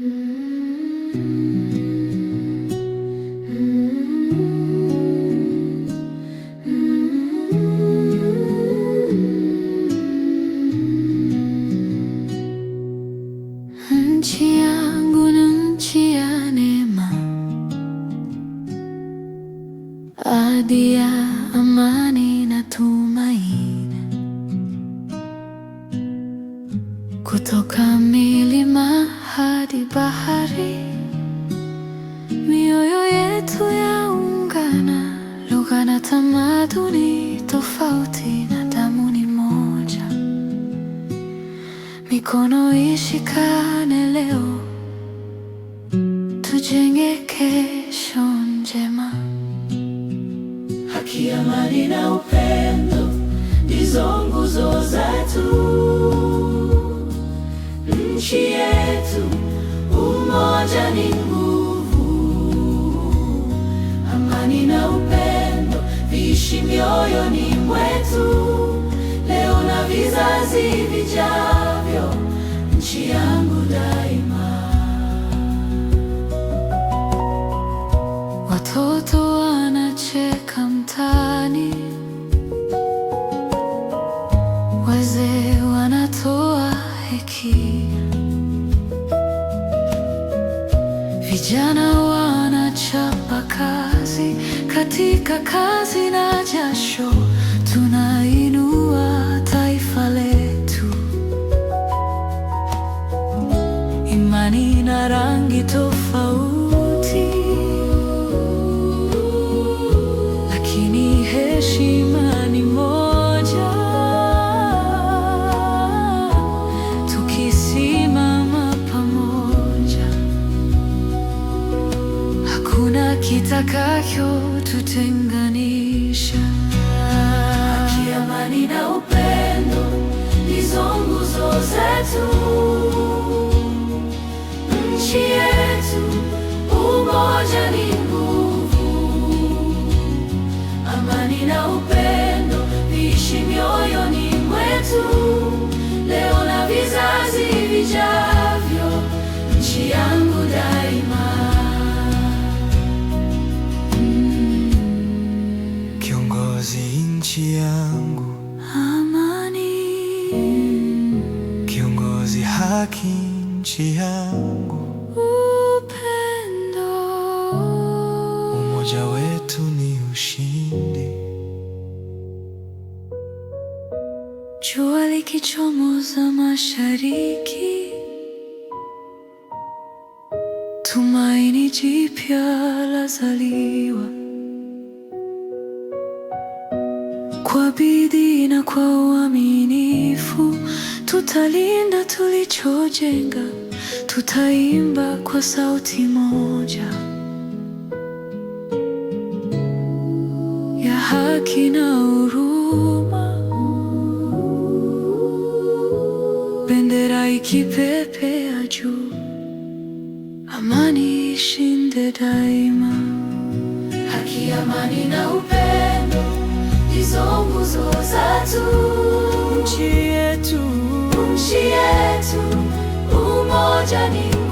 Nchi yangu ni nchi ya neema, kutoka milima hadi bahari, mioyo yetu yaungana, lugha na tamaduni tofauti, na damu ni moja. Mikono ishikane leo, tujenge kesho njema. Haki, amani na upendo ndizo nguzo zetu. uishi mioyoni mwetu leo na vizazi vijavyo. Nchi yangu daima. Watoto wanacheka mtaani, wazee wanatoa hekima, vijana wa nachapa kazi katika kazi na jasho hakuna kitakachotutenganisha. Haki, amani na upendo ndizo nguzo zetu. Nchi yetu, umoja ni nguvu. Amani na upendo viishi mioyoni mwetu. haki nchi yangu, upendo umoja wetu ni ushindi. Jua likichomoza mashariki, tumaini jipya lazaliwa kwa bidii na kwa uaminifu Tutalinda tulichojenga, tutaimba kwa sauti moja ya haki na huruma, bendera ikipepea juu, amani ishinde daima. Haki, amani na upendo ndizo nguzo zetu nchi yetu, umoja ni